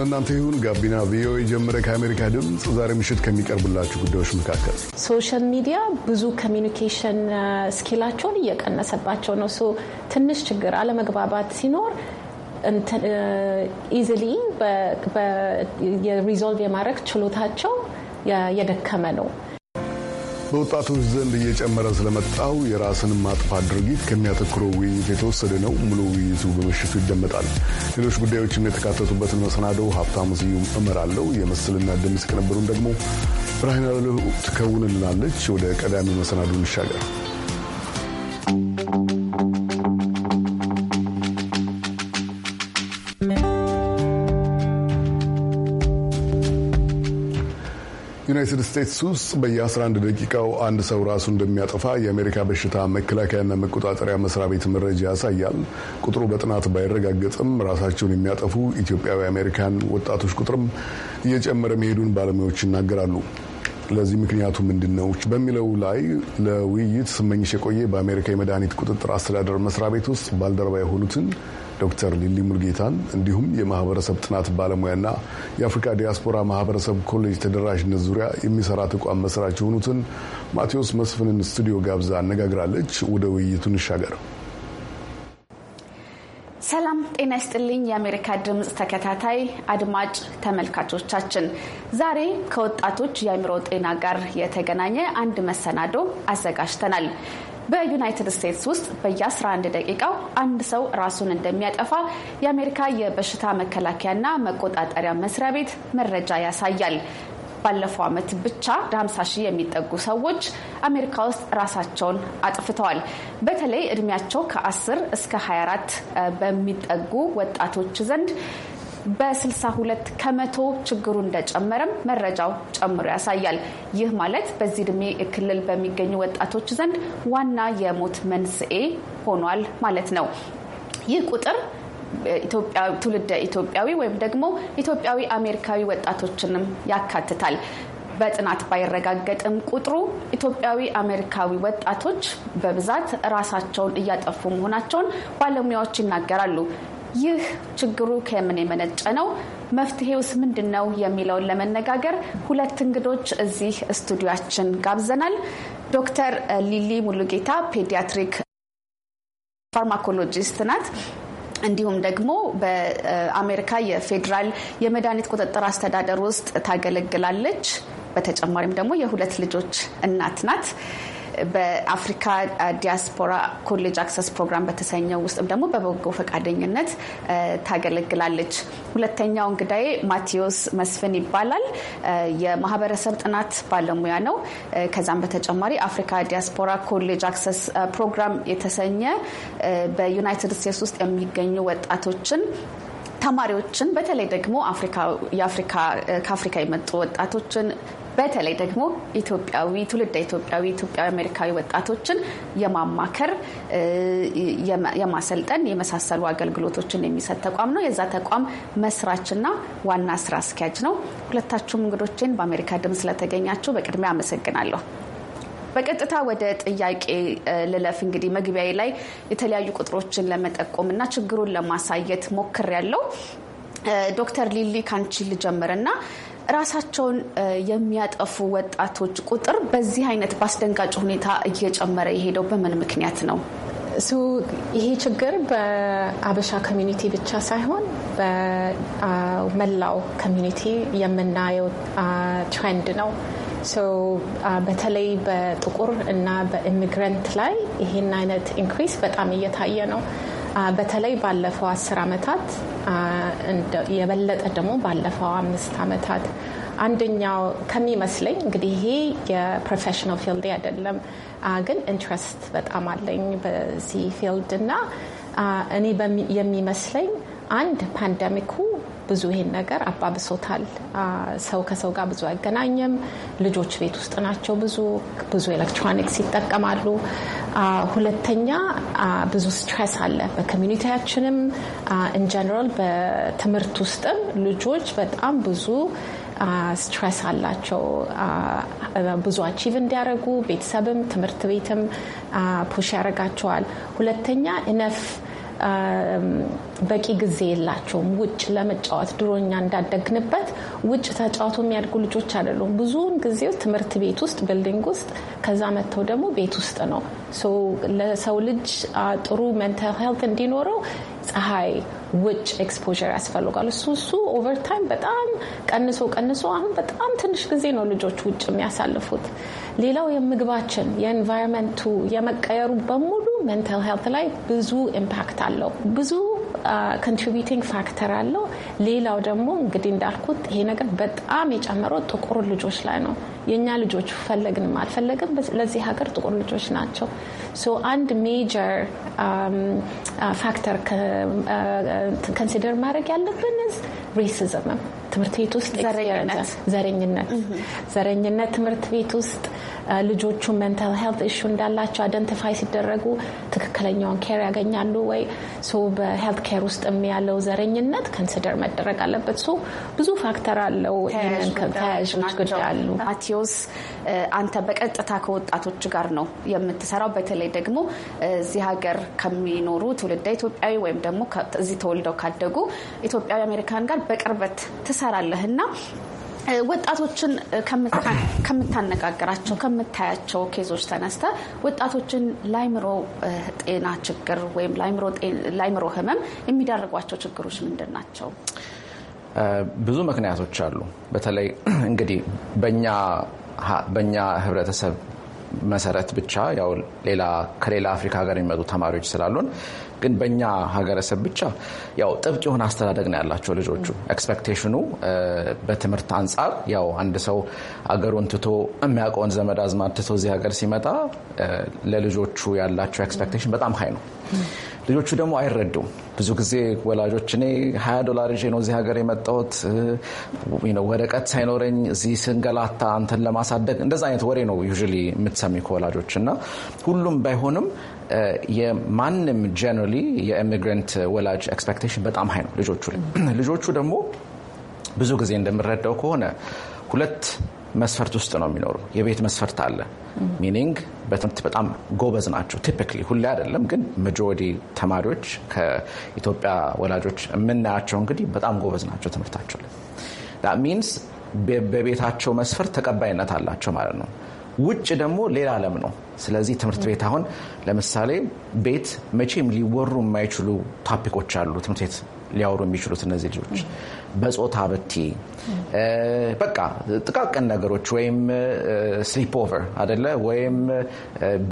ለእናንተ ይሁን። ጋቢና ቪኦኤ ጀመረ። ከአሜሪካ ድምፅ ዛሬ ምሽት ከሚቀርቡላችሁ ጉዳዮች መካከል ሶሻል ሚዲያ ብዙ ኮሚኒኬሽን ስኪላቸውን እየቀነሰባቸው ነው። ሶ ትንሽ ችግር፣ አለመግባባት ሲኖር ኢዚሊ የሪዞልቭ የማድረግ ችሎታቸው የደከመ ነው። በወጣቶች ዘንድ እየጨመረ ስለመጣው የራስን ማጥፋት ድርጊት ከሚያተኩረው ውይይት የተወሰደ ነው። ሙሉ ውይይቱ በምሽቱ ይደመጣል። ሌሎች ጉዳዮችም የተካተቱበትን መሰናደው ሀብታሙ ስዩም እመራለሁ። የምስልና ድምፅ ቅንብሩን ደግሞ ብርሃን ያለው ትከውንልናለች። ወደ ቀዳሚ መሰናዶ እንሻገር። ዩናይትድ ስቴትስ ውስጥ በየ11 ደቂቃው አንድ ሰው ራሱ እንደሚያጠፋ የአሜሪካ በሽታ መከላከያና መቆጣጠሪያ መስሪያ ቤት መረጃ ያሳያል። ቁጥሩ በጥናት ባይረጋገጥም ራሳቸውን የሚያጠፉ ኢትዮጵያዊ አሜሪካን ወጣቶች ቁጥርም እየጨመረ መሄዱን ባለሙያዎች ይናገራሉ። ለዚህ ምክንያቱ ምንድን ነው በሚለው ላይ ለውይይት ስመኝሽ የቆየ በአሜሪካ የመድኃኒት ቁጥጥር አስተዳደር መስሪያ ቤት ውስጥ ባልደረባ የሆኑትን ዶክተር ሊሊ ሙልጌታን እንዲሁም የማህበረሰብ ጥናት ባለሙያና የአፍሪካ ዲያስፖራ ማህበረሰብ ኮሌጅ ተደራሽነት ዙሪያ የሚሰራ ተቋም መስራች የሆኑትን ማቴዎስ መስፍንን ስቱዲዮ ጋብዛ አነጋግራለች። ወደ ውይይቱ እንሻገር። ሰላም ጤና ይስጥልኝ። የአሜሪካ ድምፅ ተከታታይ አድማጭ ተመልካቾቻችን፣ ዛሬ ከወጣቶች የአእምሮ ጤና ጋር የተገናኘ አንድ መሰናዶ አዘጋጅተናል። በዩናይትድ ስቴትስ ውስጥ በየ11 ደቂቃው አንድ ሰው ራሱን እንደሚያጠፋ የአሜሪካ የበሽታ መከላከያና መቆጣጠሪያ መስሪያ ቤት መረጃ ያሳያል። ባለፈው ዓመት ብቻ ወደ 50 ሺህ የሚጠጉ ሰዎች አሜሪካ ውስጥ ራሳቸውን አጥፍተዋል። በተለይ እድሜያቸው ከ10 እስከ 24 በሚጠጉ ወጣቶች ዘንድ በ62 ከመቶ ችግሩ እንደጨመረም መረጃው ጨምሮ ያሳያል። ይህ ማለት በዚህ እድሜ ክልል በሚገኙ ወጣቶች ዘንድ ዋና የሞት መንስኤ ሆኗል ማለት ነው። ይህ ቁጥር ትውልደ ኢትዮጵያዊ ወይም ደግሞ ኢትዮጵያዊ አሜሪካዊ ወጣቶችንም ያካትታል። በጥናት ባይረጋገጥም ቁጥሩ ኢትዮጵያዊ አሜሪካዊ ወጣቶች በብዛት ራሳቸውን እያጠፉ መሆናቸውን ባለሙያዎች ይናገራሉ። ይህ ችግሩ ከምን የመነጨ ነው? መፍትሄውስ ምንድን ነው? የሚለውን ለመነጋገር ሁለት እንግዶች እዚህ ስቱዲያችን ጋብዘናል። ዶክተር ሊሊ ሙሉጌታ ፔዲያትሪክ ፋርማኮሎጂስት ናት። እንዲሁም ደግሞ በአሜሪካ የፌዴራል የመድኃኒት ቁጥጥር አስተዳደር ውስጥ ታገለግላለች። በተጨማሪም ደግሞ የሁለት ልጆች እናት ናት። በአፍሪካ ዲያስፖራ ኮሌጅ አክሰስ ፕሮግራም በተሰኘው ውስጥም ደግሞ በበጎ ፈቃደኝነት ታገለግላለች። ሁለተኛው እንግዳዬ ማቴዎስ መስፍን ይባላል። የማህበረሰብ ጥናት ባለሙያ ነው። ከዛም በተጨማሪ አፍሪካ ዲያስፖራ ኮሌጅ አክሰስ ፕሮግራም የተሰኘ በዩናይትድ ስቴትስ ውስጥ የሚገኙ ወጣቶችን ተማሪዎችን በተለይ ደግሞ ከአፍሪካ የመጡ ወጣቶችን በተለይ ደግሞ ኢትዮጵያዊ ትውልደ ኢትዮጵያዊ ኢትዮጵያዊ አሜሪካዊ ወጣቶችን የማማከር የማሰልጠን የመሳሰሉ አገልግሎቶችን የሚሰጥ ተቋም ነው። የዛ ተቋም መስራችና ዋና ስራ አስኪያጅ ነው። ሁለታችሁም እንግዶችን በአሜሪካ ድምፅ ስለተገኛችሁ በቅድሚያ አመሰግናለሁ። በቀጥታ ወደ ጥያቄ ልለፍ። እንግዲህ መግቢያዬ ላይ የተለያዩ ቁጥሮችን ለመጠቆምና ችግሩን ለማሳየት ሞክሬያለሁ። ዶክተር ሊሊ ካንቺ ልጀምርና ራሳቸውን የሚያጠፉ ወጣቶች ቁጥር በዚህ አይነት በአስደንጋጭ ሁኔታ እየጨመረ የሄደው በምን ምክንያት ነው? ይሄ ችግር በአበሻ ኮሚኒቲ ብቻ ሳይሆን በመላው ኮሚኒቲ የምናየው ትሬንድ ነው። በተለይ በጥቁር እና በኢሚግረንት ላይ ይህን አይነት ኢንክሪስ በጣም እየታየ ነው። በተለይ ባለፈው አስር ዓመታት የበለጠ ደግሞ ባለፈው አምስት ዓመታት አንደኛው ከሚመስለኝ እንግዲህ ይሄ የፕሮፌሽናል ፊልድ አይደለም፣ ግን ኢንትረስት በጣም አለኝ በዚህ ፊልድ እና እኔ የሚመስለኝ አንድ ፓንደሚኩ ብዙ ይሄን ነገር አባብሶታል። ሰው ከሰው ጋር ብዙ አይገናኝም። ልጆች ቤት ውስጥ ናቸው። ብዙ ብዙ ኤሌክትሮኒክስ ይጠቀማሉ። ሁለተኛ ብዙ ስትሬስ አለ በኮሚኒቲያችንም ኢንጀነራል በትምህርት ውስጥም ልጆች በጣም ብዙ ስትሬስ አላቸው። ብዙ አቺቭ እንዲያደርጉ ቤተሰብም ትምህርት ቤትም ፑሽ ያደርጋቸዋል። ሁለተኛ ኢነፍ በቂ ጊዜ የላቸውም ውጭ ለመጫወት ድሮኛ እንዳደግንበት ውጭ ተጫውቶ የሚያድጉ ልጆች አይደሉም። ብዙውን ጊዜ ትምህርት ቤት ውስጥ ቢልዲንግ ውስጥ ከዛ መጥተው ደግሞ ቤት ውስጥ ነው። ለሰው ልጅ ጥሩ ሜንታል ሄልት እንዲኖረው ፀሐይ፣ ውጭ ኤክስፖዠር ያስፈልጋል። እሱ እሱ ኦቨርታይም በጣም ቀንሶ ቀንሶ አሁን በጣም ትንሽ ጊዜ ነው ልጆች ውጭ የሚያሳልፉት። ሌላው የምግባችን የኤንቫይሮንመንቱ የመቀየሩ በሙሉ ሜንታል ሄልት ላይ ብዙ ኢምፓክት አለው ብዙ ኮንትሪቢዩቲንግ ፋክተር አለው። ሌላው ደግሞ እንግዲህ እንዳልኩት ይሄ ነገር በጣም የጨመረው ጥቁር ልጆች ላይ ነው። የእኛ ልጆች ፈለግንም አልፈለግም ለዚህ ሀገር ጥቁር ልጆች ናቸው። ሶ አንድ ሜጀር ፋክተር ከንሲደር ማድረግ ያለብን ሬሲዝም፣ ትምህርት ቤት ውስጥ ዘረኝነት፣ ዘረኝነት ትምህርት ቤት ውስጥ uh, ልጆቹ ሜንታል ሄልት ኢሹ እንዳላቸው አደንቲፋይ ሲደረጉ ትክክለኛውን ኬር ያገኛሉ ወይ? ሶ በሄልት ኬር ውስጥ ያለው ዘረኝነት ከንሲደር መደረግ አለበት። ሶ ብዙ ፋክተር አለው። ተያያዦች ጉዳይ አሉ። ማቴዎስ፣ አንተ በቀጥታ ከወጣቶች ጋር ነው የምትሰራው። በተለይ ደግሞ እዚህ ሀገር ከሚኖሩ ትውልደ ኢትዮጵያዊ ወይም ደግሞ እዚህ ተወልደው ካደጉ ኢትዮጵያዊ አሜሪካን ጋር በቅርበት ትሰራለህ እና ወጣቶችን ከምታነጋግራቸው ከምታያቸው ኬዞች ተነስተ ወጣቶችን ላይምሮ ጤና ችግር ወይም ላይምሮ ህመም የሚዳርጓቸው ችግሮች ምንድን ናቸው? ብዙ ምክንያቶች አሉ። በተለይ እንግዲህ በእኛ ህብረተሰብ መሰረት ብቻ ያው ሌላ ከሌላ አፍሪካ ሀገር የሚመጡ ተማሪዎች ስላሉን ግን በእኛ ሀገረሰብ ብቻ ያው ጥብቅ የሆነ አስተዳደግ ነው ያላቸው ልጆቹ። ኤክስፔክቴሽኑ በትምህርት አንጻር ያው አንድ ሰው አገሩን ትቶ የሚያውቀውን ዘመድ አዝማድ ትቶ እዚህ ሀገር ሲመጣ ለልጆቹ ያላቸው ኤክስፔክቴሽን በጣም ሀይ ነው። ልጆቹ ደግሞ አይረዱም። ብዙ ጊዜ ወላጆች እኔ ሀያ ዶላር ይዤ ነው እዚህ ሀገር የመጣሁት ወረቀት ሳይኖረኝ እዚህ ስንገላታ አንተን ለማሳደግ እንደዛ አይነት ወሬ ነው ዩ የምትሰሚ ከወላጆች እና ሁሉም ባይሆንም የማንም ጀነራሊ የኢሚግራንት ወላጅ ኤክስፔክቴሽን በጣም ሀይ ነው ልጆቹ ላይ። ልጆቹ ደግሞ ብዙ ጊዜ እንደምረዳው ከሆነ ሁለት መስፈርት ውስጥ ነው የሚኖሩ። የቤት መስፈርት አለ። ሚኒንግ በትምህርት በጣም ጎበዝ ናቸው። ቲፒክሊ ሁሌ አይደለም ግን መጆሪቲ ተማሪዎች ከኢትዮጵያ ወላጆች የምናያቸው እንግዲህ በጣም ጎበዝ ናቸው ትምህርታቸው ላይ ሚንስ በቤታቸው መስፈርት ተቀባይነት አላቸው ማለት ነው። ውጭ ደግሞ ሌላ ዓለም ነው። ስለዚህ ትምህርት ቤት አሁን ለምሳሌ ቤት መቼም ሊወሩ የማይችሉ ታፒኮች አሉ። ትምህርት ቤት ሊያወሩ የሚችሉት እነዚህ ልጆች በጾታ በቲ በቃ ጥቃቅን ነገሮች ወይም ስሊፕ ኦቨር አደለ ወይም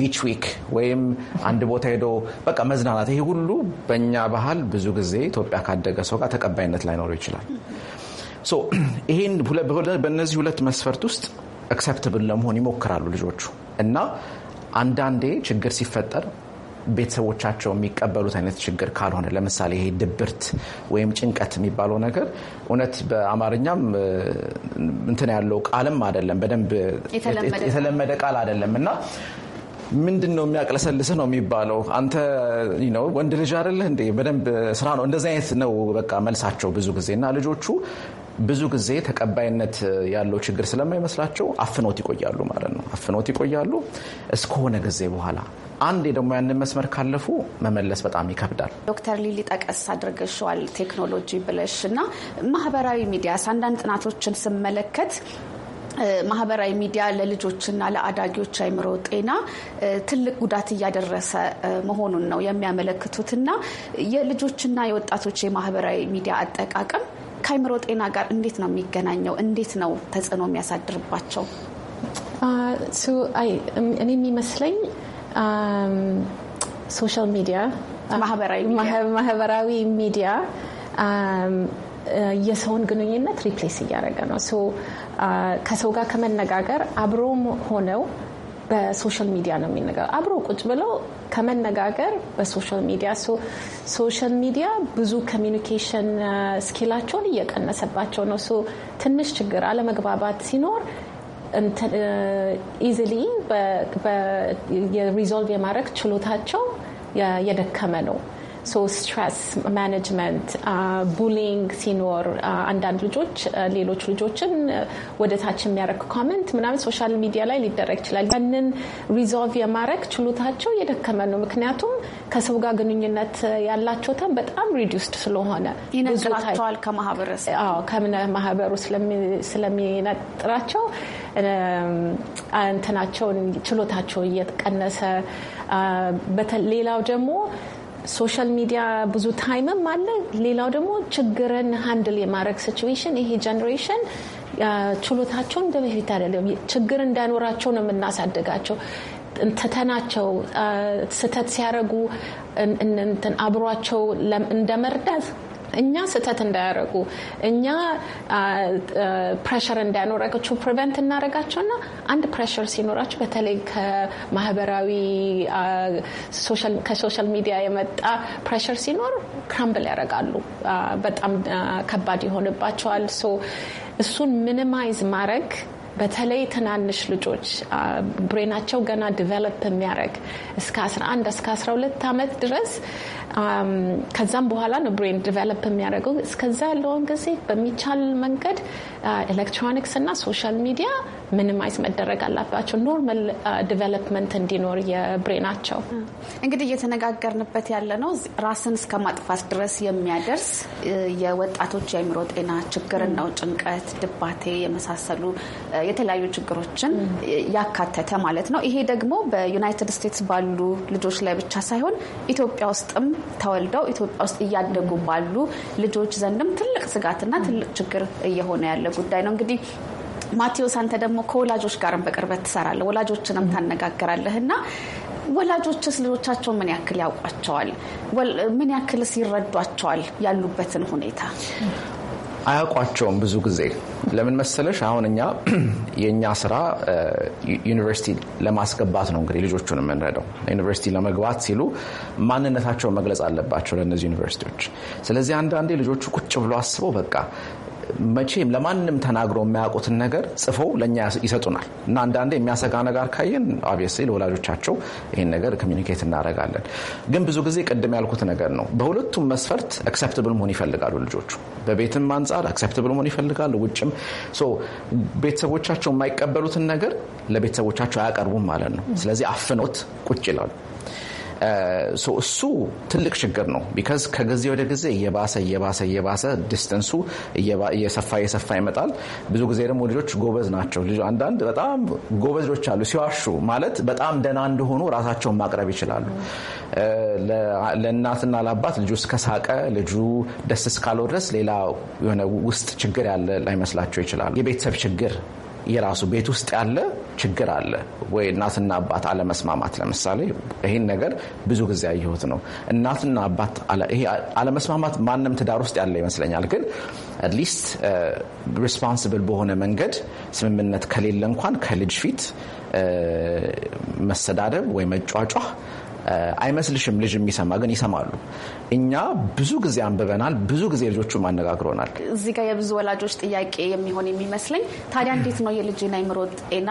ቢች ዊክ ወይም አንድ ቦታ ሄዶ በቃ መዝናናት፣ ይሄ ሁሉ በእኛ ባህል ብዙ ጊዜ ኢትዮጵያ ካደገ ሰው ጋር ተቀባይነት ላይኖረው ይችላል። ይህን በእነዚህ ሁለት መስፈርት ውስጥ አክሰፕትብል ለመሆን ይሞክራሉ ልጆቹ እና አንዳንዴ ችግር ሲፈጠር ቤተሰቦቻቸው የሚቀበሉት አይነት ችግር ካልሆነ ለምሳሌ ይሄ ድብርት ወይም ጭንቀት የሚባለው ነገር እውነት በአማርኛም እንትን ያለው ቃልም አይደለም፣ በደንብ የተለመደ ቃል አይደለም እና ምንድን ነው የሚያቅለሰልስህ ነው የሚባለው። አንተ ነው ወንድ ልጅ አይደለህ እንዴ? በደንብ ስራ ነው እንደዚህ አይነት ነው በቃ መልሳቸው ብዙ ጊዜ እና ልጆቹ ብዙ ጊዜ ተቀባይነት ያለው ችግር ስለማይመስላቸው አፍኖት ይቆያሉ ማለት ነው። አፍኖት ይቆያሉ እስከሆነ ጊዜ በኋላ አንዴ ደግሞ ያንን መስመር ካለፉ መመለስ በጣም ይከብዳል። ዶክተር ሊሊ ጠቀስ አድርገሸዋል ቴክኖሎጂ ብለሽ እና ማህበራዊ ሚዲያ አንዳንድ ጥናቶችን ስመለከት ማህበራዊ ሚዲያ ለልጆችና ለአዳጊዎች አይምሮ ጤና ትልቅ ጉዳት እያደረሰ መሆኑን ነው የሚያመለክቱትና የልጆችና የወጣቶች የማህበራዊ ሚዲያ አጠቃቀም ከአይምሮ ጤና ጋር እንዴት ነው የሚገናኘው? እንዴት ነው ተጽዕኖ የሚያሳድርባቸው? Uh, እኔ የሚመስለኝ ሶሻል um, uh, ሚዲያ ማህበራዊ ሚዲያ um, uh, የሰውን ግንኙነት ሪፕሌስ እያደረገ ነው። ከሰው ጋር ከመነጋገር አብሮም ሆነው በሶሻል ሚዲያ ነው የሚነገረው። አብሮ ቁጭ ብለው ከመነጋገር በሶሻል ሚዲያ ሶሻል ሚዲያ ብዙ ኮሚኒኬሽን ስኪላቸውን እየቀነሰባቸው ነው። ትንሽ ችግር አለመግባባት ሲኖር ኢዚሊ የሪዞልቭ የማድረግ ችሎታቸው የደከመ ነው። ሶ ስትረስ ማኔጅመንት፣ ቡሊንግ ሲኖር አንዳንድ ልጆች ሌሎች ልጆችን ወደ ታች የሚያደርግ ኮመንት ምናምን ሶሻል ሚዲያ ላይ ሊደረግ ይችላል። ያንን ሪዞልቭ የማድረግ ችሎታቸው የደከመ ነው። ምክንያቱም ከሰው ጋር ግንኙነት ያላቸው ታም በጣም ሪዲውስድ ስለሆነ ይነጥላቸዋል ከማህበረሰብ ከምነ ማህበሩ ስለሚነጥራቸው እንትናቸውን ችሎታቸው እየቀነሰ ሌላው ደግሞ ሶሻል ሚዲያ ብዙ ታይምም አለ። ሌላው ደግሞ ችግርን ሀንድል የማድረግ ሲትዌሽን ይሄ ጀኔሬሽን ችሎታቸውን እንደ በፊት አይደለም። ችግር እንዳይኖራቸው ነው የምናሳደጋቸው። ትተናቸው ስህተት ሲያደርጉ አብሯቸው እንደመርዳት እኛ ስህተት እንዳያደረጉ እኛ ፕሬሽር እንዳያኖረቸው ፕሪቨንት ና አንድ ፕሬሽር ሲኖራቸው በተለይ ከማህበራዊ ከሶሻል ሚዲያ የመጣ ፕሬሽር ሲኖር ክራምብል ያደርጋሉ። በጣም ከባድ ይሆንባቸዋል። እሱን ሚኒማይዝ ማድረግ በተለይ ትናንሽ ልጆች ብሬናቸው ገና ዲቨሎፕ የሚያደርግ እስከ 11 እስከ 12 ዓመት ድረስ ከዛም በኋላ ነው ብሬን ዲቨሎፕ የሚያደርገው። እስከዛ ያለውን ጊዜ በሚቻል መንገድ ኤሌክትሮኒክስ እና ሶሻል ሚዲያ ምንማይዝ መደረግ አላባቸው ኖርማል ዲቨሎፕመንት uh, እንዲኖር የብሬናቸው። እንግዲህ እየተነጋገርንበት ያለ ነው ራስን እስከ ማጥፋት ድረስ የሚያደርስ የወጣቶች የአእምሮ ጤና ችግር ነው። ጭንቀት፣ ድባቴ የመሳሰሉ የተለያዩ ችግሮችን ያካተተ ማለት ነው። ይሄ ደግሞ በዩናይትድ ስቴትስ ባሉ ልጆች ላይ ብቻ ሳይሆን ኢትዮጵያ ውስጥም ተወልደው ኢትዮጵያ ውስጥ እያደጉ ባሉ ልጆች ዘንድም ትልቅ ስጋትና ትልቅ ችግር እየሆነ ያለ ጉዳይ ነው እንግዲህ ማቴዎስ አንተ ደግሞ ከወላጆች ጋርም በቅርበት ትሰራለህ፣ ወላጆችንም ታነጋግራለህ እና ወላጆችስ ልጆቻቸውን ምን ያክል ያውቋቸዋል? ምን ያክልስ ይረዷቸዋል? ያሉበትን ሁኔታ አያውቋቸውም። ብዙ ጊዜ ለምን መሰለሽ፣ አሁን እኛ የእኛ ስራ ዩኒቨርሲቲ ለማስገባት ነው። እንግዲህ ልጆቹን የምንረዳው ዩኒቨርሲቲ ለመግባት ሲሉ ማንነታቸውን መግለጽ አለባቸው ለእነዚህ ዩኒቨርሲቲዎች። ስለዚህ አንዳንዴ ልጆቹ ቁጭ ብሎ አስበው በቃ መቼም ለማንም ተናግሮ የሚያውቁትን ነገር ጽፈው ለእኛ ይሰጡናል እና አንዳንዴ የሚያሰጋ ነገር ካየን አብስ ለወላጆቻቸው ይህን ነገር ኮሚኒኬት እናደርጋለን። ግን ብዙ ጊዜ ቅድም ያልኩት ነገር ነው። በሁለቱም መስፈርት አክሴፕትብል መሆን ይፈልጋሉ ልጆቹ። በቤትም አንጻር አክሴፕትብል መሆን ይፈልጋሉ፣ ውጭም ቤተሰቦቻቸው የማይቀበሉትን ነገር ለቤተሰቦቻቸው አያቀርቡም ማለት ነው። ስለዚህ አፍኖት ቁጭ ይላሉ። እሱ ትልቅ ችግር ነው። ቢካዝ ከጊዜ ወደ ጊዜ እየባሰ እየባሰ እየባሰ ዲስተንሱ እየሰፋ እየሰፋ ይመጣል። ብዙ ጊዜ ደግሞ ልጆች ጎበዝ ናቸው። አንዳንድ በጣም ጎበዝ ልጆች አሉ። ሲዋሹ ማለት በጣም ደህና እንደሆኑ ራሳቸውን ማቅረብ ይችላሉ። ለእናትና ለአባት ልጁ እስከሳቀ ልጁ ደስ እስካለው ድረስ ሌላ የሆነ ውስጥ ችግር ያለ ላይመስላቸው ይችላሉ። የቤተሰብ ችግር የራሱ ቤት ውስጥ ያለ ችግር አለ ወይ እናትና አባት አለመስማማት። ለምሳሌ ይህን ነገር ብዙ ጊዜ አየሁት ነው። እናትና አባት አለመስማማት ማንም ትዳር ውስጥ ያለ ይመስለኛል። ግን አትሊስት ሪስፖንስብል uh, በሆነ መንገድ ስምምነት ከሌለ እንኳን ከልጅ ፊት uh, መሰዳደብ ወይ መጫጫህ አይመስልሽም። ልጅ የሚሰማ ግን ይሰማሉ። እኛ ብዙ ጊዜ አንብበናል፣ ብዙ ጊዜ ልጆቹም አነጋግሮናል። እዚህ ጋር የብዙ ወላጆች ጥያቄ የሚሆን የሚመስለኝ ታዲያ እንዴት ነው የልጅን አይምሮ ጤና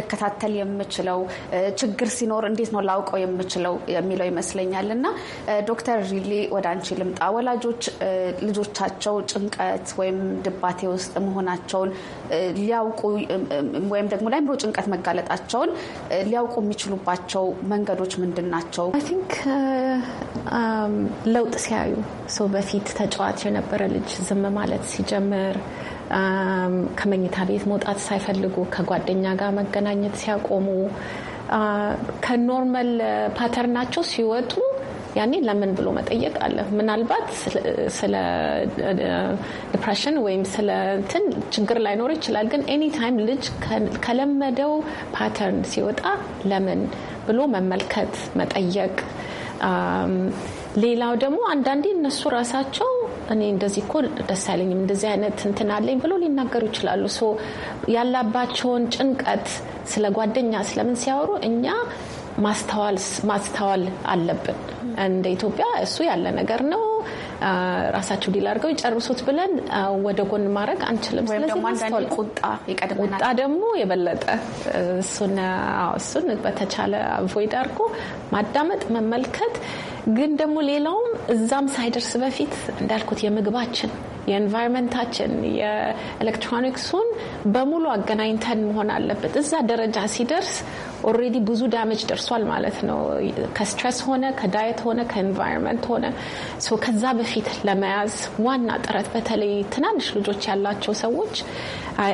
ልከታተል የምችለው? ችግር ሲኖር እንዴት ነው ላውቀው የምችለው የሚለው ይመስለኛል። እና ዶክተር ሪሊ ወደ አንቺ ልምጣ። ወላጆች ልጆቻቸው ጭንቀት ወይም ድባቴ ውስጥ መሆናቸውን ሊያውቁ ወይም ደግሞ ለአእምሮ ጭንቀት መጋለጣቸውን ሊያውቁ የሚችሉባቸው መንገዶች ምንድን ናቸው? አይ ቲንክ uh, um, ለውጥ ሲያዩ ሰው በፊት ተጫዋች የነበረ ልጅ ዝም ማለት ሲጀምር um, ከመኝታ ቤት መውጣት ሳይፈልጉ ከጓደኛ ጋር መገናኘት ሲያቆሙ uh, ከኖርማል ፓተርናቸው uh, ሲወጡ ያኔ ለምን ብሎ መጠየቅ አለ። ምናልባት ስለ ዲፕሬሽን ወይም ስለ እንትን ችግር ላይኖር ይችላል። ግን ኤኒ ታይም ልጅ ከለመደው ፓተርን ሲወጣ ለምን ብሎ መመልከት፣ መጠየቅ። ሌላው ደግሞ አንዳንዴ እነሱ ራሳቸው እኔ እንደዚህ እኮ ደስ አይለኝም እንደዚህ አይነት እንትን አለኝ ብሎ ሊናገሩ ይችላሉ። ያላባቸውን ጭንቀት ስለ ጓደኛ ስለምን ሲያወሩ እኛ ማስተዋል አለብን። እንደ ኢትዮጵያ እሱ ያለ ነገር ነው። ራሳቸው ዲል አድርገው ይጨርሱት ብለን ወደ ጎን ማድረግ አንችልም። ስለዚህ ቁጣ ደግሞ የበለጠ እሱን እሱን በተቻለ አቮይድ አድርጎ ማዳመጥ መመልከት፣ ግን ደግሞ ሌላውም እዛም ሳይደርስ በፊት እንዳልኩት የምግባችን የኤንቫይሮንመንታችን የኤሌክትሮኒክሱን በሙሉ አገናኝተን መሆን አለበት። እዛ ደረጃ ሲደርስ ኦልሬዲ ብዙ ዳሜጅ ደርሷል ማለት ነው። ከስትረስ ሆነ ከዳየት ሆነ ከኤንቫይሮንመንት ሆነ ከዛ በፊት ለመያዝ ዋና ጥረት በተለይ ትናንሽ ልጆች ያላቸው ሰዎች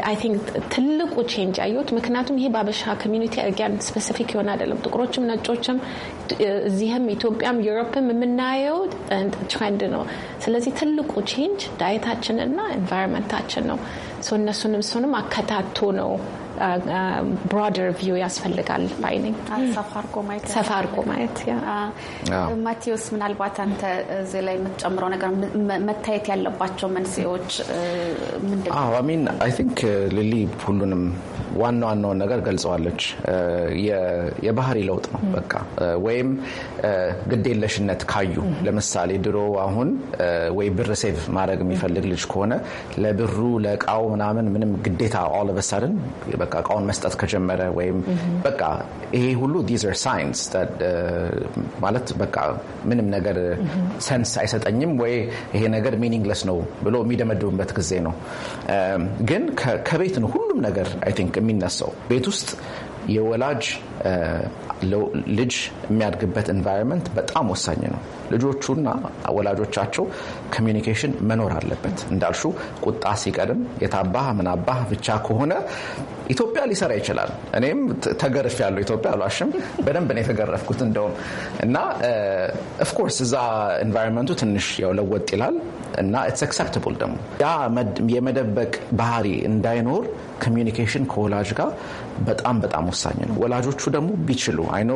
አይ ቲንክ ትልቁ ቼንጅ ያየሁት ምክንያቱም ይሄ በአበሻ ኮሚኒቲ አርጊያን ስፔሲፊክ የሆነ አይደለም። ጥቁሮችም ነጮችም፣ እዚህም ኢትዮጵያም ዩሮፕም የምናየው ትሬንድ ነው። ስለዚህ ትልቁ ቼንጅ ዳየታችንና ኤንቫይሮንመንታችን ነው። እነሱንም እሱንም አከታቶ ነው ብሮደር ቪው ያስፈልጋል። ባይነኝ ሰፋ አድርጎ ማየት። ማቴዎስ፣ ምናልባት አንተ እዚህ ላይ የምትጨምረው ነገር መታየት ያለባቸው መንስኤዎች ምንድን ነው? አይ ቲንክ ሊሊ ሁሉንም ዋና ዋናውን ነገር ገልጸዋለች። የባህሪ ለውጥ ነው በቃ ወይም ግዴለሽነት ካዩ ለምሳሌ ድሮ አሁን ወይ ብር ሴቭ ማድረግ የሚፈልግ ልጅ ከሆነ ለብሩ ለእቃው ምናምን ምንም ግዴታ አለበሳድን በቃ እቃውን መስጠት ከጀመረ ወይም በቃ ይሄ ሁሉ ዲዘር ሳይንስ uh, ማለት በቃ ምንም ነገር ሰንስ አይሰጠኝም ወይ ይሄ ነገር ሚኒንግለስ ነው ብሎ የሚደመድብበት ጊዜ ነው። um, ግን ከቤት ነው ሁሉም ነገር አይ ቲንክ የሚነሳው ቤት ውስጥ የወላጅ ልጅ የሚያድግበት ኤንቫይሮንመንት በጣም ወሳኝ ነው። ልጆቹና ወላጆቻቸው ኮሚኒኬሽን መኖር አለበት። እንዳልሹ ቁጣ ሲቀድም የታባህ ምናባህ ብቻ ከሆነ ኢትዮጵያ ሊሰራ ይችላል። እኔም ተገርፍ ያለው ኢትዮጵያ አሏሽም በደንብ ነው የተገረፍኩት እንደውም እና ኦፍኮርስ እዛ ኤንቫይሮንመንቱ ትንሽ ያው ለወጥ ይላል እና ኢትስ አክሰፕታብል ደግሞ ያ የመደበቅ ባህሪ እንዳይኖር ኮሚኒኬሽን ከወላጅ ጋር በጣም በጣም ወሳኝ ነው። ወላጆቹ ደግሞ ቢችሉ አይኖ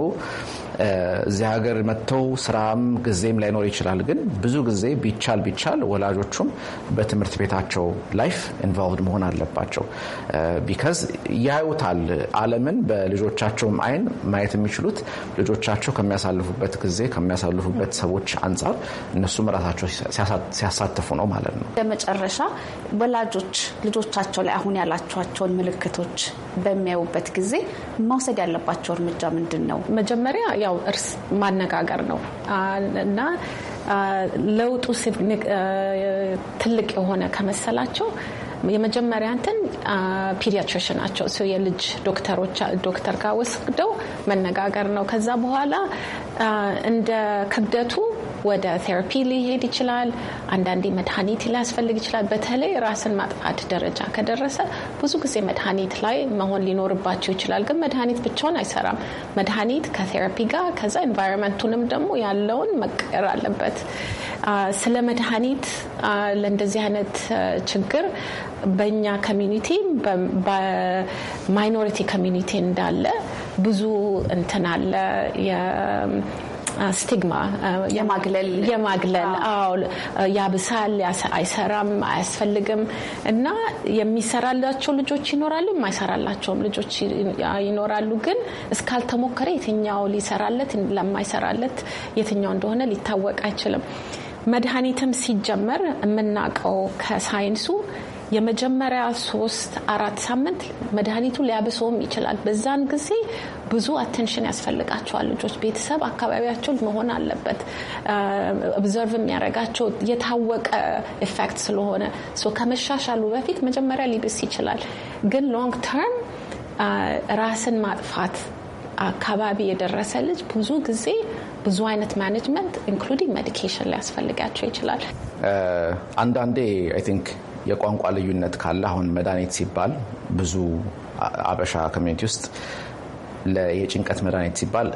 እዚህ ሀገር መጥተው ስራም ጊዜም ላይኖር ይችላል። ግን ብዙ ጊዜ ቢቻል ቢቻል ወላጆቹም በትምህርት ቤታቸው ላይፍ ኢንቮልቭድ መሆን አለባቸው። ቢካዝ ያዩታል ዓለምን በልጆቻቸውም አይን ማየት የሚችሉት ልጆቻቸው ከሚያሳልፉበት ጊዜ ከሚያሳልፉበት ሰዎች አንጻር እነሱም ራሳቸው ሲያሳትፉ ነው ማለት ነው። በመጨረሻ ወላጆች ልጆቻቸው ላይ አሁን ያላቸዋቸውን ምልክቶች በሚያዩበት ጊዜ መውሰድ ያለባቸው እርምጃ ምንድን ነው? መጀመሪያ ያው እርስ ማነጋገር ነው እና ለውጡ ትልቅ የሆነ ከመሰላቸው የመጀመሪያ እንትን ፒዲያትሪሽን ናቸው የልጅ ዶክተሮች ዶክተር ጋር ወስደው መነጋገር ነው። ከዛ በኋላ እንደ ክብደቱ ወደ ቴራፒ ሊሄድ ይችላል። አንዳንዴ መድኃኒት ሊያስፈልግ ይችላል። በተለይ ራስን ማጥፋት ደረጃ ከደረሰ ብዙ ጊዜ መድኃኒት ላይ መሆን ሊኖርባቸው ይችላል። ግን መድኃኒት ብቻውን አይሰራም። መድኃኒት ከቴራፒ ጋር ከዛ ኤንቫይሮንመንቱንም ደግሞ ያለውን መቀየር አለበት። ስለ መድኃኒት ለእንደዚህ አይነት ችግር በእኛ ኮሚኒቲ በማይኖሪቲ ኮሚኒቲ እንዳለ ብዙ እንትን አለ ስቲግማ የማግለል የማግለል አዎ፣ ያብሳል፣ አይሰራም፣ አያስፈልግም እና የሚሰራላቸው ልጆች ይኖራሉ፣ የማይሰራላቸውም ልጆች ይኖራሉ። ግን እስካልተሞከረ የትኛው ሊሰራለት ለማይሰራለት የትኛው እንደሆነ ሊታወቅ አይችልም። መድኃኒትም ሲጀመር የምናውቀው ከሳይንሱ የመጀመሪያ ሶስት አራት ሳምንት መድኃኒቱ ሊያብሰውም ይችላል። በዛን ጊዜ ብዙ አቴንሽን ያስፈልጋቸዋል ልጆች። ቤተሰብ አካባቢያቸው መሆን አለበት፣ ኦብዘርቭ የሚያደርጋቸው የታወቀ ኢፌክት ስለሆነ ከመሻሻሉ በፊት መጀመሪያ ሊብስ ይችላል። ግን ሎንግ ተርም ራስን ማጥፋት አካባቢ የደረሰ ልጅ ብዙ ጊዜ ብዙ አይነት ማኔጅመንት ኢንክሉዲንግ ሜዲኬሽን ሊያስፈልጋቸው ይችላል አንዳንዴ አይ ቲንክ የቋንቋ ልዩነት ካለ አሁን መድኃኒት ሲባል ብዙ አበሻ ኮሚኒቲ ውስጥ የጭንቀት መድኃኒት ሲባል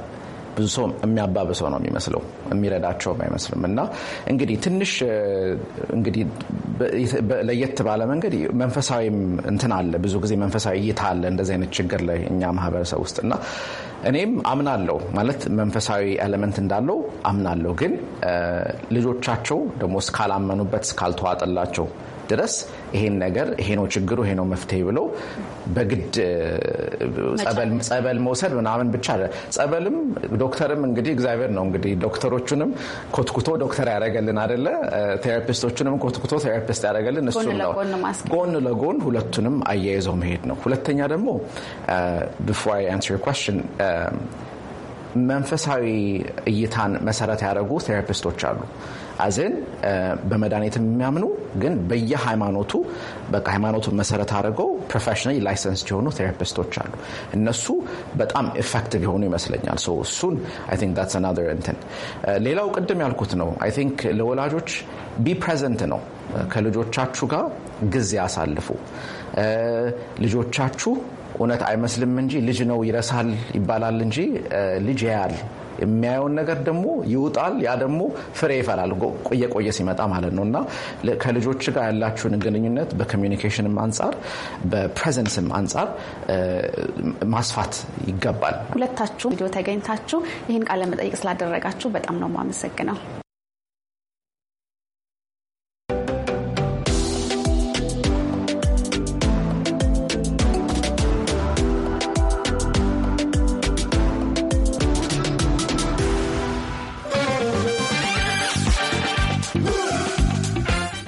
ብዙ ሰው የሚያባብሰው ነው የሚመስለው፣ የሚረዳቸውም አይመስልም። እና እንግዲህ ትንሽ እንግዲህ ለየት ባለ መንገድ መንፈሳዊም እንትን አለ፣ ብዙ ጊዜ መንፈሳዊ እይታ አለ እንደዚህ አይነት ችግር ላይ እኛ ማህበረሰብ ውስጥ እና እኔም አምናለው ማለት መንፈሳዊ ኤለመንት እንዳለው አምናለሁ። ግን ልጆቻቸው ደግሞ እስካላመኑበት፣ እስካልተዋጠላቸው ድረስ ይሄን ነገር ይሄ ነው ችግሩ፣ ይሄ ነው መፍትሄ ብለው በግድ ጸበል መውሰድ ምናምን ብቻ ጸበልም ዶክተርም እንግዲህ እግዚአብሔር ነው እንግዲህ ዶክተሮቹንም ኮትኩቶ ዶክተር ያደረገልን አደለ፣ ቴራፒስቶቹንም ኮትኩቶ ቴራፒስት ያደረገልን እሱ ነው። ጎን ለጎን ሁለቱንም አያይዘው መሄድ ነው። ሁለተኛ ደግሞ ቢፎር አይ ኳስችን መንፈሳዊ እይታን መሰረት ያደረጉ ቴራፒስቶች አሉ። አዘን uh, በመድኃኒት የሚያምኑ ግን በየሃይማኖቱ በቃ መሰረት አድርገው ፕሮፌሽናል ላይሰንስ የሆኑ ቴራፒስቶች አሉ። እነሱ በጣም ኤፌክቲቭ የሆኑ ይመስለኛል። እሱን እንትን uh, ሌላው ቅድም ያልኩት ነው። አይ ቲንክ ለወላጆች ቢ ፕሬዘንት ነው። uh, ከልጆቻችሁ ጋር ጊዜ አሳልፉ። ልጆቻችሁ እውነት አይመስልም እንጂ ልጅ ነው ይረሳል ይባላል እንጂ ልጅ ያያል የሚያየውን ነገር ደግሞ ይውጣል። ያ ደግሞ ፍሬ ይፈላል ቆየቆየ ሲመጣ ማለት ነው። እና ከልጆች ጋር ያላችሁን ግንኙነት በኮሚኒኬሽንም አንጻር በፕሬዘንስም አንጻር ማስፋት ይገባል። ሁለታችሁ ቪዲዮ ተገኝታችሁ ይህን ቃለ መጠይቅ ስላደረጋችሁ በጣም ነው የማመሰግነው።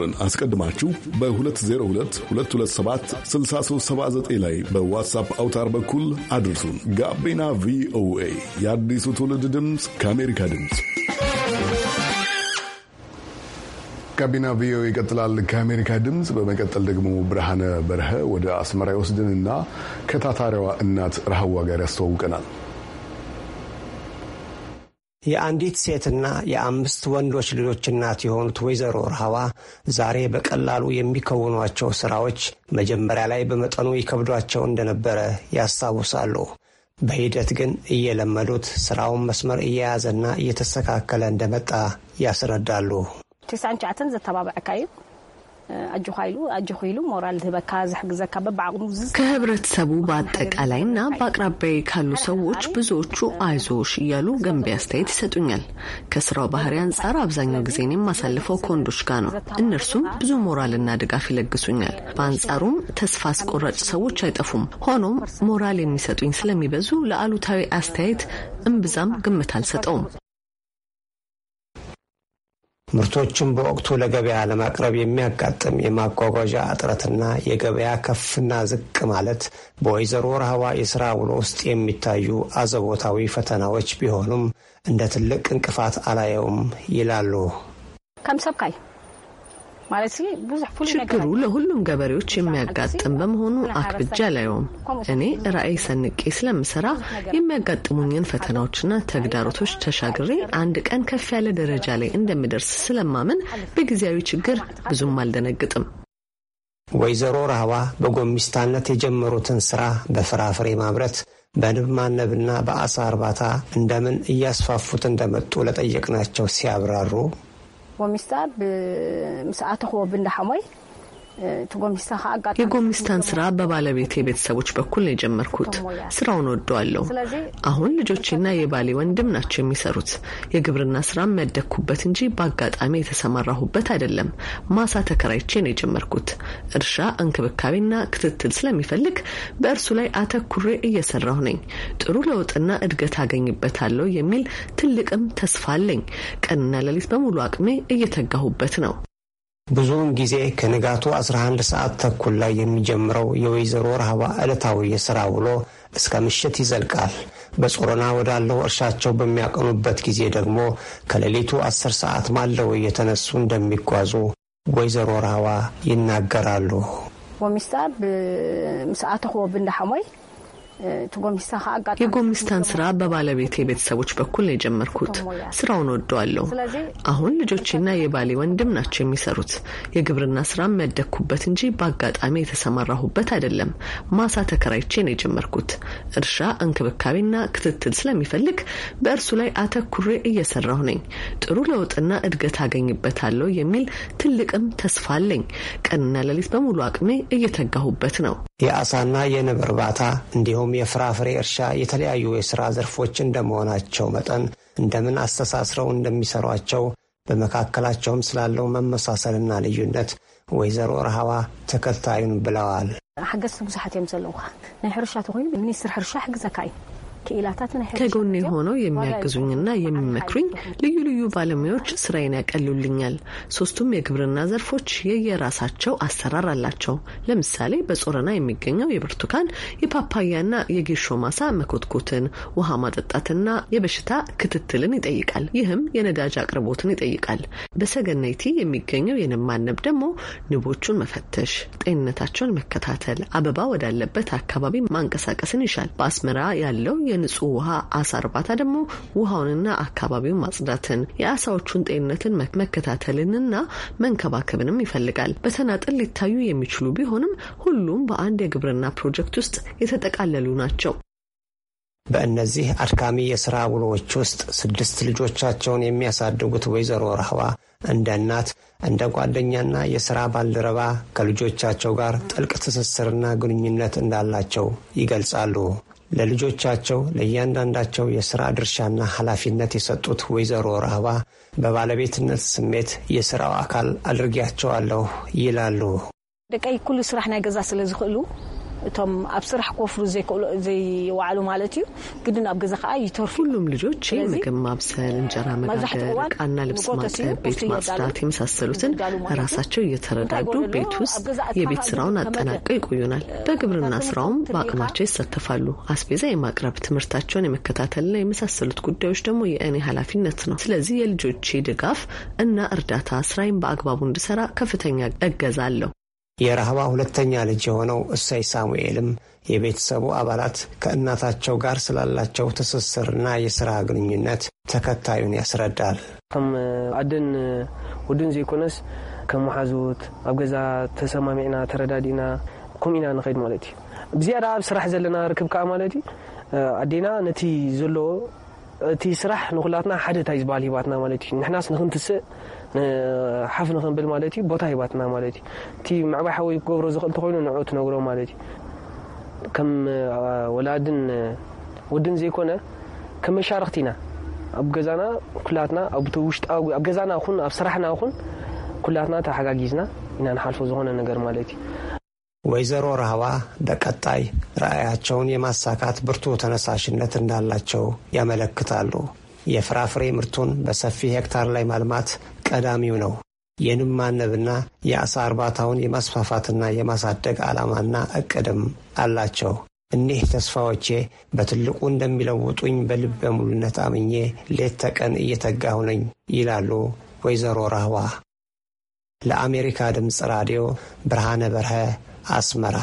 ቁጥርን አስቀድማችሁ በ202227 6379 ላይ በዋትሳፕ አውታር በኩል አድርሱን። ጋቢና ቪኦኤ የአዲሱ ትውልድ ድምፅ ከአሜሪካ ድምፅ ጋቢና ቪኦኤ ይቀጥላል። ከአሜሪካ ድምፅ በመቀጠል ደግሞ ብርሃነ በረሀ ወደ አስመራ ይወስድንና ከታታሪዋ እናት ረሃዋ ጋር ያስተዋውቀናል። የአንዲት ሴትና የአምስት ወንዶች ልጆች እናት የሆኑት ወይዘሮ ርሃዋ ዛሬ በቀላሉ የሚከውኗቸው ሥራዎች መጀመሪያ ላይ በመጠኑ ይከብዷቸው እንደነበረ ያስታውሳሉ። በሂደት ግን እየለመዱት ሥራውን መስመር እየያዘና እየተስተካከለ እንደመጣ ያስረዳሉ። ከህብረተሰቡ በአጠቃላይና በአቅራቢያዊ ካሉ ሰዎች ብዙዎቹ አይዞሽ እያሉ ገንቢ አስተያየት ይሰጡኛል። ከስራው ባህሪ አንጻር አብዛኛው ጊዜን የማሳልፈው ከወንዶች ጋር ነው። እነርሱም ብዙ ሞራልና ድጋፍ ይለግሱኛል። በአንጻሩም ተስፋ አስቆራጭ ሰዎች አይጠፉም። ሆኖም ሞራል የሚሰጡኝ ስለሚበዙ ለአሉታዊ አስተያየት እምብዛም ግምት አልሰጠውም። ምርቶችን በወቅቱ ለገበያ ለማቅረብ የሚያጋጥም የማጓጓዣ እጥረትና የገበያ ከፍና ዝቅ ማለት በወይዘሮ ረሃዋ የሥራ ውሎ ውስጥ የሚታዩ አዘቦታዊ ፈተናዎች ቢሆኑም እንደ ትልቅ እንቅፋት አላየውም ይላሉ። ከም ሰብካይ ችግሩ ለሁሉም ገበሬዎች የሚያጋጥም በመሆኑ አክብጃ አላየውም። እኔ ራዕይ ሰንቄ ስለምሰራ የሚያጋጥሙኝን ፈተናዎችና ተግዳሮቶች ተሻግሬ አንድ ቀን ከፍ ያለ ደረጃ ላይ እንደምደርስ ስለማምን በጊዜያዊ ችግር ብዙም አልደነግጥም። ወይዘሮ ራህዋ በጎሚስታነት የጀመሩትን ስራ በፍራፍሬ ማምረት በንብ ማነብና በአሳ እርባታ እንደምን እያስፋፉት እንደመጡ ለጠየቅናቸው ሲያብራሩ خو میسته به مساعت خو بنده የጎሚስታን ስራ በባለቤቴ ቤተሰቦች በኩል ነው የጀመርኩት። ስራውን ወደዋለሁ። አሁን ልጆቼና የባሌ ወንድም ናቸው የሚሰሩት። የግብርና ስራ ያደግኩበት እንጂ በአጋጣሚ የተሰማራሁበት አይደለም። ማሳ ተከራይቼ ነው የጀመርኩት። እርሻ እንክብካቤና ክትትል ስለሚፈልግ በእርሱ ላይ አተኩሬ እየሰራሁ ነኝ። ጥሩ ለውጥና እድገት አገኝበታለሁ የሚል ትልቅም ተስፋ አለኝ። ቀንና ሌሊት በሙሉ አቅሜ እየተጋሁበት ነው። ብዙውን ጊዜ ከንጋቱ 11 ሰዓት ተኩል ላይ የሚጀምረው የወይዘሮ ረሃባ ዕለታዊ የሥራ ውሎ እስከ ምሽት ይዘልቃል። በጾሮና ወዳለው እርሻቸው በሚያቀኑበት ጊዜ ደግሞ ከሌሊቱ 10 ሰዓት ማለው እየተነሱ እንደሚጓዙ ወይዘሮ ረሃባ ይናገራሉ። ወሚስታ ብሰዓት ብንዳሓሞይ የጎሚስታን ስራ በባለቤቴ ቤተሰቦች በኩል ነው የጀመርኩት። ስራውን ወደዋለሁ። አሁን ልጆቼና የባሌ ወንድም ናቸው የሚሰሩት። የግብርና ስራ ያደግኩበት እንጂ በአጋጣሚ የተሰማራሁበት አይደለም። ማሳ ተከራይቼ ነው የጀመርኩት። እርሻ እንክብካቤና ክትትል ስለሚፈልግ በእርሱ ላይ አተኩሬ እየሰራሁ ነኝ። ጥሩ ለውጥና እድገት አገኝበታለሁ የሚል ትልቅም ተስፋ አለኝ። ቀንና ሌሊት በሙሉ አቅሜ እየተጋሁበት ነው። የአሳና የንብ እርባታ እንዲሁም እንዲሁም የፍራፍሬ እርሻ የተለያዩ የሥራ ዘርፎች እንደመሆናቸው መጠን እንደምን አስተሳስረው እንደሚሠሯቸው በመካከላቸውም ስላለው መመሳሰልና ልዩነት ወይዘሮ ረሃዋ ተከታዩን ብለዋል። ሓገዝቲ ብዙሓት እዮም ዘለውካ ናይ ሕርሻ ተኮይኑ ሚኒስትር ሕርሻ ሕግዘካ እዩ ከጎኔ ሆነው የሚያግዙኝና የሚመክሩኝ ልዩ ልዩ ባለሙያዎች ስራዬን ያቀሉልኛል። ሶስቱም የግብርና ዘርፎች የየራሳቸው አሰራር አላቸው። ለምሳሌ በጾረና የሚገኘው የብርቱካን የፓፓያና የጌሾ ማሳ መኮትኮትን፣ ውሃ ማጠጣትና የበሽታ ክትትልን ይጠይቃል። ይህም የነዳጅ አቅርቦትን ይጠይቃል። በሰገነይቲ የሚገኘው የንማነብ ደግሞ ንቦቹን መፈተሽ፣ ጤንነታቸውን መከታተል፣ አበባ ወዳለበት አካባቢ ማንቀሳቀስን ይሻል። በአስመራ ያለው የንጹህ ውሃ አሳ እርባታ ደግሞ ውሃውንና አካባቢውን ማጽዳትን የአሳዎቹን ጤንነትን መከታተልንና መንከባከብንም ይፈልጋል። በተናጥል ሊታዩ የሚችሉ ቢሆንም ሁሉም በአንድ የግብርና ፕሮጀክት ውስጥ የተጠቃለሉ ናቸው። በእነዚህ አድካሚ የሥራ ውሎዎች ውስጥ ስድስት ልጆቻቸውን የሚያሳድጉት ወይዘሮ ረህዋ እንደ እናት እንደ ጓደኛና የሥራ ባልደረባ ከልጆቻቸው ጋር ጥልቅ ትስስርና ግንኙነት እንዳላቸው ይገልጻሉ። ለልጆቻቸው ለእያንዳንዳቸው የሥራ ድርሻና ኃላፊነት የሰጡት ወይዘሮ ራህባ በባለቤትነት ስሜት የሥራው አካል አድርጊያቸዋለሁ ይላሉ። ደቀይ ኩሉ ስራሕ ናይ ገዛ ስለ ዝኽእሉ እቶም ኣብ ስራሕ ክወፍሩ ዘይዋዕሉ ማለት እዩ ግድን ኣብ ገዛ ከዓ ይተርፉ ሁሉም ልጆች ምግብ ማብሰል፣ እንጀራ መጋገር፣ ቃና ልብስ ማጠብ፣ ቤት ማጽዳት የመሳሰሉትን ራሳቸው እየተረዳዱ ቤት ውስጥ የቤት ስራውን አጠናቀው ይቆዩናል። በግብርና ስራውም በአቅማቸው ይሳተፋሉ። አስቤዛ የማቅረብ ትምህርታቸውን የመከታተልና የመሳሰሉት ጉዳዮች ደግሞ የእኔ ኃላፊነት ነው። ስለዚህ የልጆቼ ድጋፍ እና እርዳታ ስራዬን በአግባቡ እንድሰራ ከፍተኛ እገዛ አለው። የረሃባ ሁለተኛ ልጅ የሆነው እሰይ ሳሙኤልም የቤተሰቡ አባላት ከእናታቸው ጋር ስላላቸው ትስስርና የሥራ ግንኙነት ተከታዩን ያስረዳል። ከም አደን ውድን ዘይኮነስ ከም ሓዞት ኣብ ገዛ ተሰማሚዕና ተረዳዲእና ከምኡ ኢና ንኸይድ ማለት እዩ ብዝያዳ ኣብ ስራሕ ዘለና ርክብ ከዓ ማለት እዩ ኣዴና ነቲ ዘለዎ እቲ ስራሕ ንኩላትና ሓደ እንታይ ዝበሃል ሂባትና ማለት እዩ ንሕናስ ንክንትስእ ሓፍ ንክንብል ማለት እዩ ቦታ ሂባትና ማለት እዩ እቲ ምዕባይ ሓወይ ክገብሮ ዝኽእል እተኮይኑ ንዕኡ ትነግሮ ማለት እዩ ከም ወላድን ወድን ዘይኮነ ከም መሻርክቲ ኢና ኣብ ገዛና ኩላትና ኣብቲ ውሽጣዊ ኣብ ገዛና ኹን ኣብ ስራሕና ኹን ኩላትና ተሓጋጊዝና ኢና ንሓልፎ ዝኾነ ነገር ማለት እዩ ወይዘሮ ራህዋ በቀጣይ ራዕያቸውን የማሳካት ብርቱ ተነሳሽነት እንዳላቸው ያመለክታሉ። የፍራፍሬ ምርቱን በሰፊ ሄክታር ላይ ማልማት ቀዳሚው ነው። የንብ ማነብና የአሳ እርባታውን የማስፋፋትና የማሳደግ ዓላማና እቅድም አላቸው። እኒህ ተስፋዎቼ በትልቁ እንደሚለውጡኝ በልበ ሙሉነት አምኜ ሌት ተቀን እየተጋሁ ነኝ ይላሉ ወይዘሮ ራህዋ። ለአሜሪካ ድምፅ ራዲዮ ብርሃነ በርሀ asmara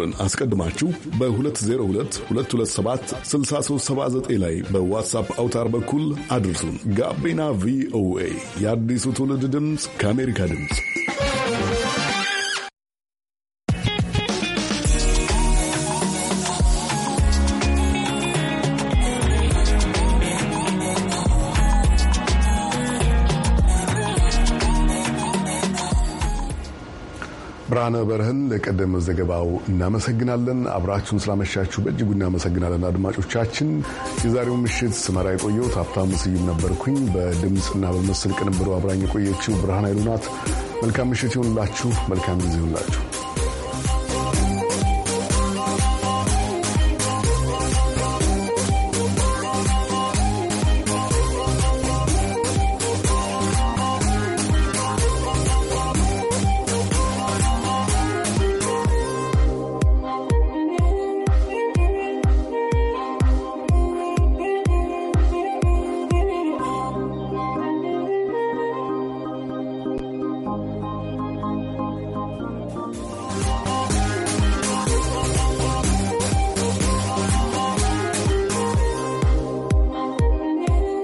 ቁጥርን አስቀድማችሁ በ 6379 ላይ በዋትሳፕ አውታር በኩል አድርሱን። ጋቢና ቪኦኤ የአዲሱ ትውልድ ድምፅ ከአሜሪካ ድምፅ ብርሃነ በርህን ለቀደመ ዘገባው እናመሰግናለን። አብራችሁን ስላመሻችሁ በእጅጉ እናመሰግናለን አድማጮቻችን። የዛሬው ምሽት ስመራ የቆየሁት ሀብታሙ ስዩም ነበርኩኝ። በድምፅና በምስል ቅንብሩ አብራኝ የቆየችው ብርሃን ኃይሉ ናት። መልካም ምሽት ይሁንላችሁ። መልካም ጊዜ ይሁንላችሁ።